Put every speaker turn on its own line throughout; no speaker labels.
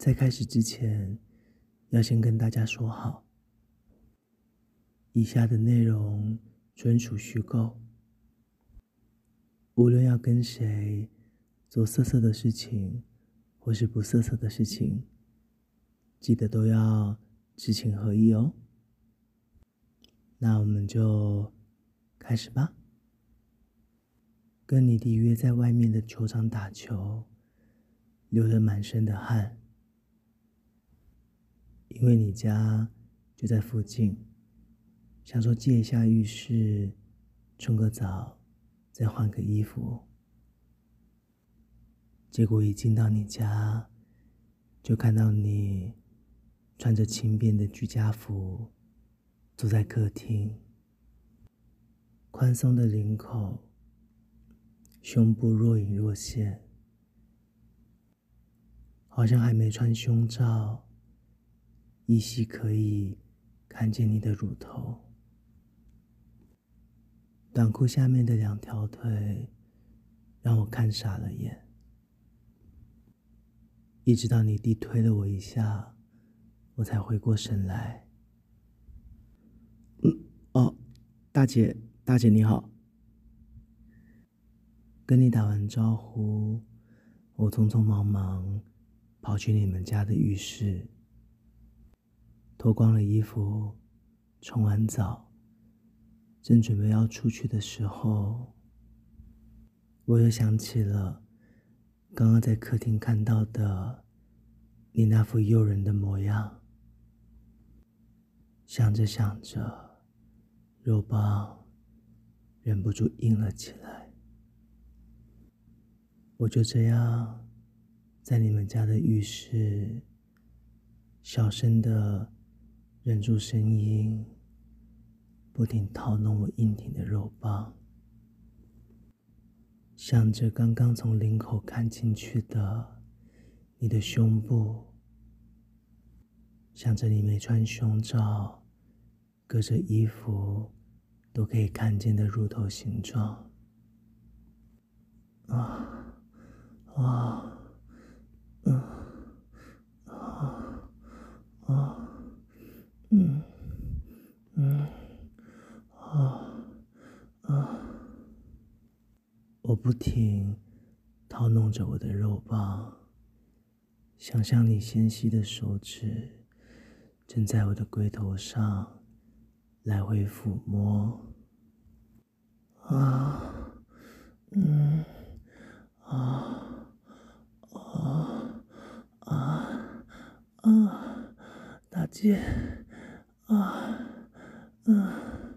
在開始之前，要先跟大家說好，以下的內容純屬虛構。無論要跟誰做色色的事情，或是不色色的事情，記得都要知情合意哦。那我們就開始吧。跟你弟約在外面的球場打球，流了滿身的汗。因為你家就在附近，想說借一下浴室，沖個澡，再換個衣服。結果一進到你家，就看到你穿着輕便的居家服，坐在客廳，寬鬆的領口，胸部若隱若現，好像還沒穿胸罩。依稀可以看見你的乳頭，短褲下面的兩條腿讓我看傻了眼。一直到你弟推了我一下，我才回過神來。嗯，哦，大姐，大姐你好。跟你打完招呼，我匆匆忙忙跑去你們家的浴室。脫光了衣服，沖完澡，正準備要出去的時候，我又想起了剛剛在客廳看到的你那副誘人的模樣。想着想着，肉棒忍不住硬了起來。我就這樣在你們家的浴室小聲的。忍住聲音，不停掏弄我硬挺的肉棒，想着剛剛從領口看進去的你的胸部，想着你沒穿胸罩，隔着衣服都可以看見的乳頭形狀，啊，啊，嗯。不停，掏弄着我的肉棒。想象你纖細的手指，正在我的龜頭上，來回撫摸。啊，嗯，啊，
啊，啊，啊，大姐，啊，嗯、啊。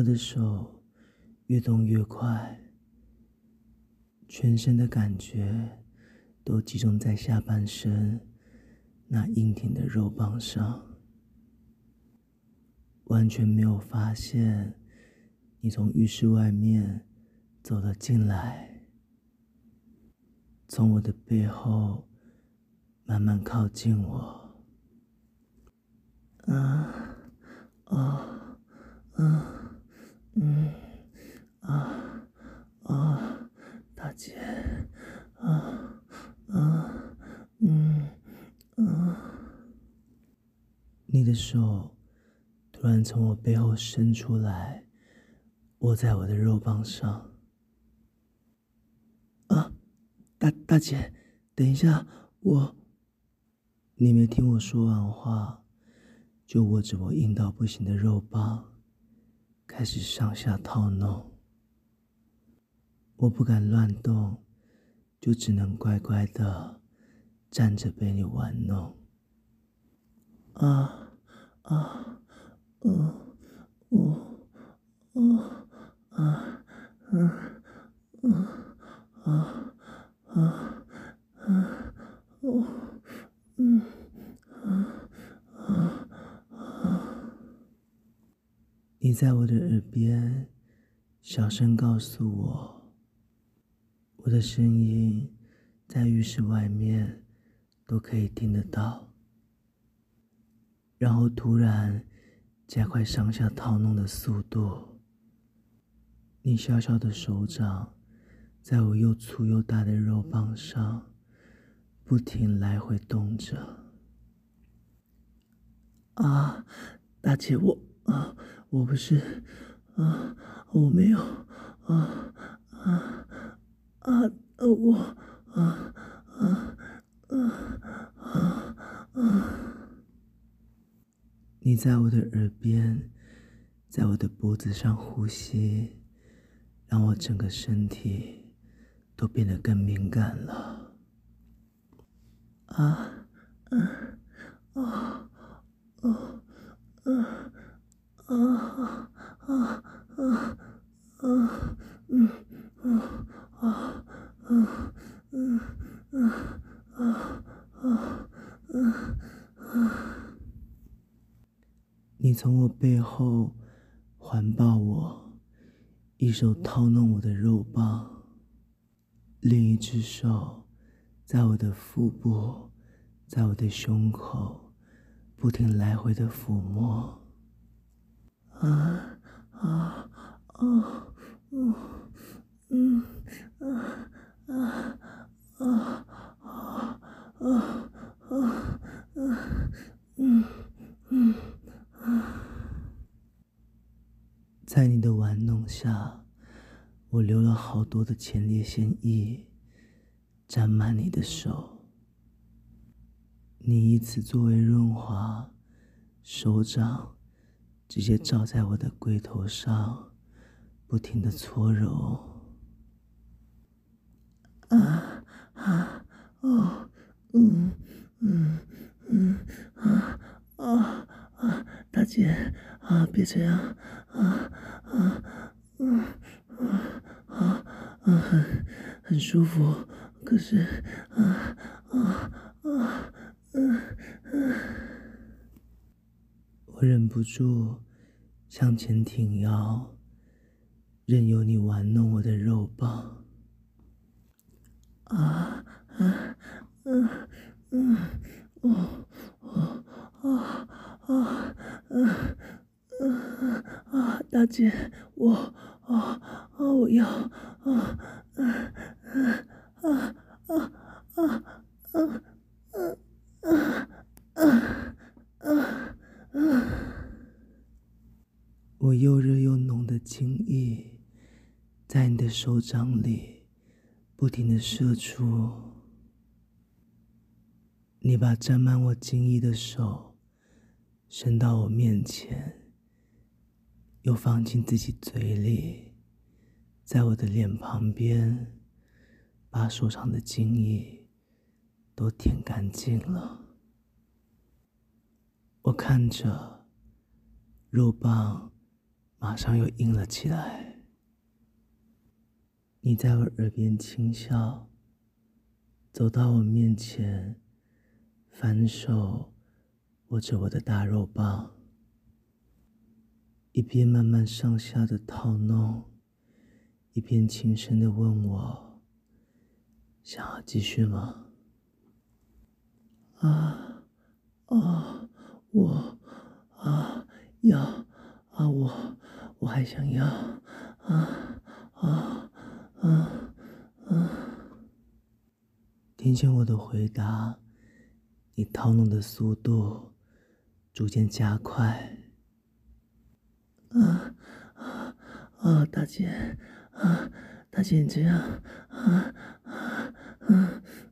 我的手越動越快，全身的感覺都集中在下半身那硬挺的肉棒上，完全沒有發現你從浴室外面走了進來，從我的背後慢慢靠近我。啊，哦，啊，嗯。嗯，啊
啊，大姐，啊啊，嗯啊，
你的手突然從我背後伸出來，握在我的肉棒上。啊，大大姐，等一下，我，你沒聽我說完話，就握着我硬到不行的肉棒。開始上下套弄，我不敢亂動，就只能乖乖的站着被你玩弄。啊啊，嗯，嗯啊啊啊
啊啊！
在我的耳邊，小聲告訴我，我的聲音在浴室外面都可以聽得到。然後突然加快上下套弄的速度，你小小的手掌在我又粗又大的肉棒上不停來回動着。啊，大姐，我啊。
我不是啊，我沒有啊啊啊！我啊啊啊啊、啊！
你在我的耳邊，在我的脖子上呼吸，讓我整個身體都變得更敏感了啊嗯、
啊啊啊啊啊、嗯、啊啊啊啊啊啊啊啊
啊。你從我背後環抱我，一手掏弄我的肉棒，另一隻手在我的腹部，在我的胸口，不停來回的撫摸。
啊啊、哦哦嗯、啊啊，啊，啊，啊，啊嗯嗯啊啊啊啊
啊啊嗯嗯嗯，在你的玩弄下，我流了好多的前列腺液，沾滿你的手，你以此作為潤滑手掌直接照在我的龜頭上，不停的搓揉，
啊啊哦，嗯嗯嗯啊啊啊！大姐，啊別這樣，啊啊嗯啊啊，啊，很很舒服，可是，啊啊啊嗯嗯。啊
我忍不住向前挺腰，任由你玩弄我的肉棒。
啊啊啊啊啊啊啊！啊，大姐，我啊啊、哦哦，我要啊啊啊啊啊啊！啊啊嗯
手掌裡不停地射出。你把沾滿我精液的手伸到我面前，又放進自己嘴裡，在我的臉旁邊，把手上的精液都舔乾淨了。我看着肉棒，馬上又硬了起來。你在我耳邊輕笑，走到我面前，反手握着我的大肉棒，一邊慢慢上下的套弄，一邊輕聲的問我：“想要繼續嗎？”
啊啊，我啊，要
啊，我我還想要。的回答，你套弄的速度逐漸加快。啊啊啊！大姐啊，大姐你這樣啊啊啊！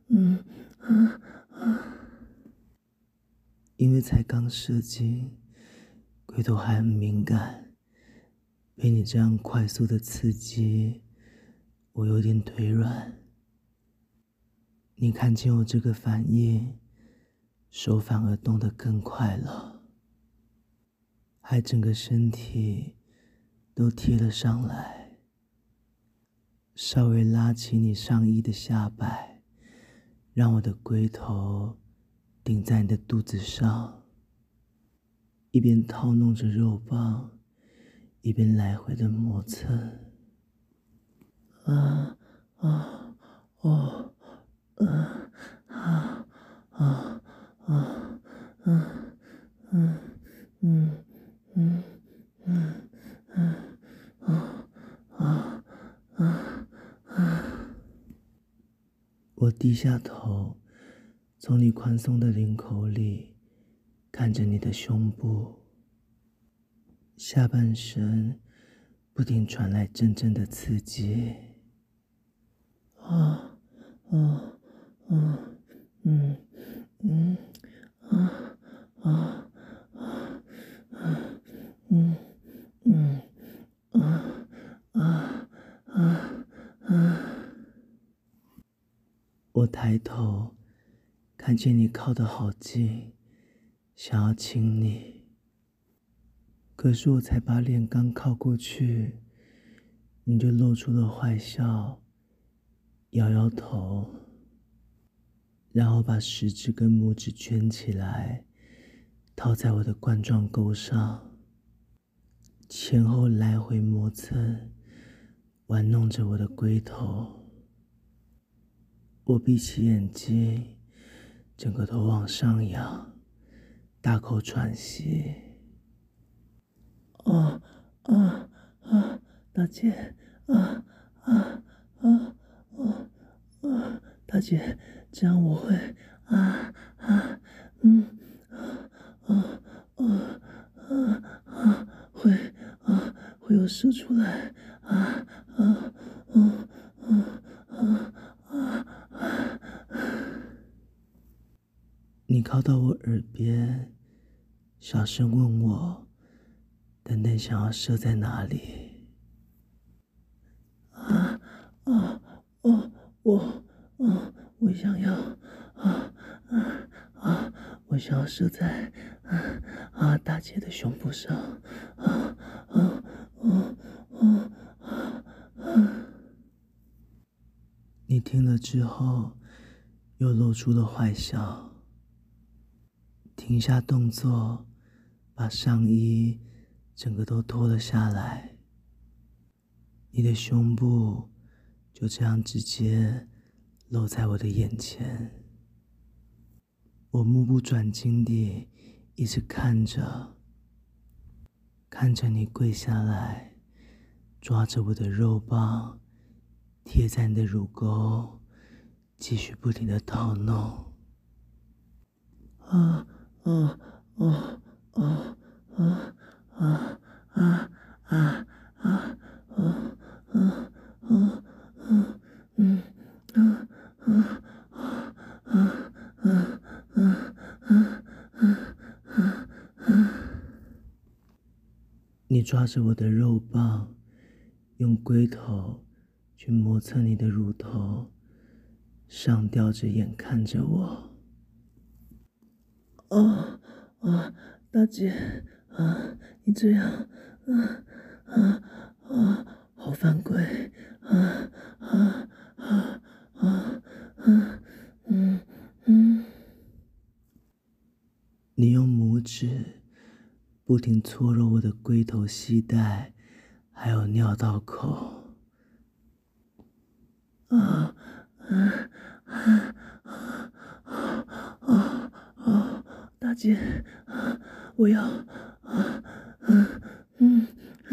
嗯
啊啊！
因為才剛射精，龜頭還很敏感，被你這樣快速的刺激，我有點腿軟。你看見我這個反應，手反而動得更快了，還整個身體都貼了上來，稍微拉起你上衣的下擺，讓我的龜頭頂在你的肚子上，一邊套弄着肉棒，一邊來回的磨蹭。啊啊哦！啊啊啊啊啊、嗯嗯嗯、啊啊啊、啊、啊！我低下頭，從你寬鬆的領口裡看着你的胸部，下半身不停傳來陣陣的刺激。
啊啊！啊，嗯，嗯，啊，啊，啊，啊，嗯，嗯，
啊，啊，啊，啊。我抬頭，看見你靠得好近，想要親你，可是我才把臉剛靠過去，你就露出了壞笑，搖搖頭。然後把食指跟拇指圈起來，套在我的冠狀溝上，前後來回磨蹭，玩弄着我的龜頭。我閉起眼睛，整個頭往上仰，大口喘息。
啊啊啊！大姐啊啊啊啊啊！大姐。哦哦哦大姐這樣我會啊啊嗯啊啊啊啊會啊會啊會有射出來啊啊啊啊啊啊！啊，啊，啊，啊，啊，
啊，你靠到我耳邊，小聲問我，等等想要射在哪裡？
啊啊哦我啊。哦我啊我想要，啊啊
啊！我想要射在啊，啊大姐的胸部上，啊啊啊啊啊，啊！你聽了之後，又露出了壞笑，停下動作，把上衣整個都脫了下來，你的胸部就這樣直接。落在我的眼前，我目不轉睛地一直看着，看着你跪下來，抓着我的肉棒，貼在你的乳溝，繼續不停地套弄。
啊啊啊啊啊啊！啊啊啊
抓着我的肉棒，用龜頭去磨蹭你的乳頭，上吊着眼看着我。
哦啊、哦，大姐啊，你這樣啊啊啊，好犯規啊！
不停搓揉我的龜頭、繫帶，還有尿道口。
啊、嗯、啊啊啊，啊，啊！大姐，啊、我要啊啊、嗯、啊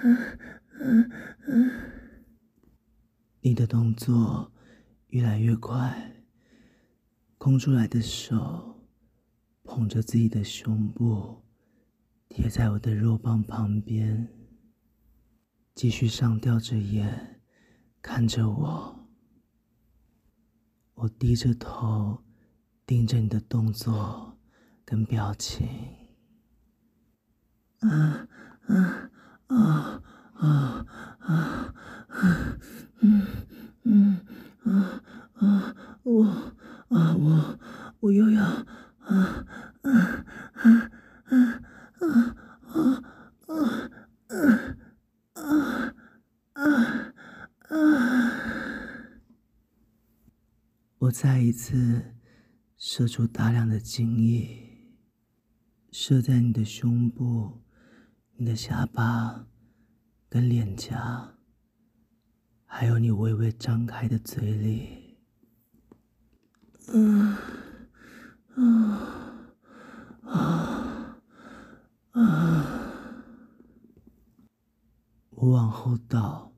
啊啊，
啊！你的動作越來越快，空出來的手捧着自己的胸部。貼在我的肉棒旁邊，繼續上吊着眼看着我，我低着頭盯着你的動作跟表情，
啊啊啊！啊
再一次射出大量的精液，射在你的胸部、你的下巴、跟臉頰，還有你微微張開的嘴裡。嗯、啊，啊啊，啊！我往後倒，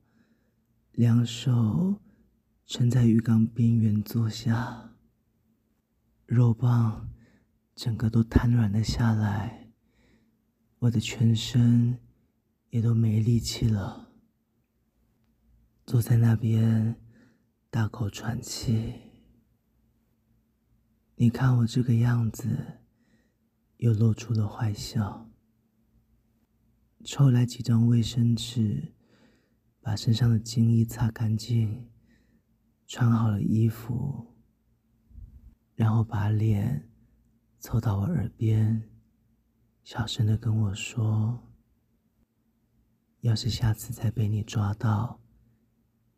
兩手。撐在浴缸邊緣坐下，肉棒整個都癱軟了下來，我的全身也都沒力氣了。坐在那邊大口喘氣，你看我這個樣子，又露出了壞笑。抽來幾張衛生紙，把身上的精液擦乾淨。穿好了衣服，然後把臉湊到我耳邊，小聲的跟我說：“要是下次再被你抓到，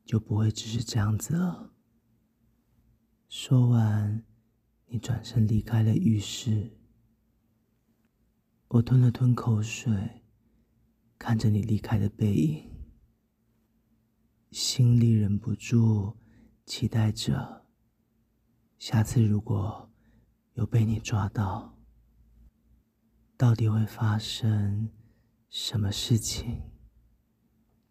就不會只是這樣子了。”說完，你轉身離開了浴室。我吞了吞口水，看着你離開的背影，心裡忍不住。期待着，下次如果有被你抓到，到底會發生什麼
事情？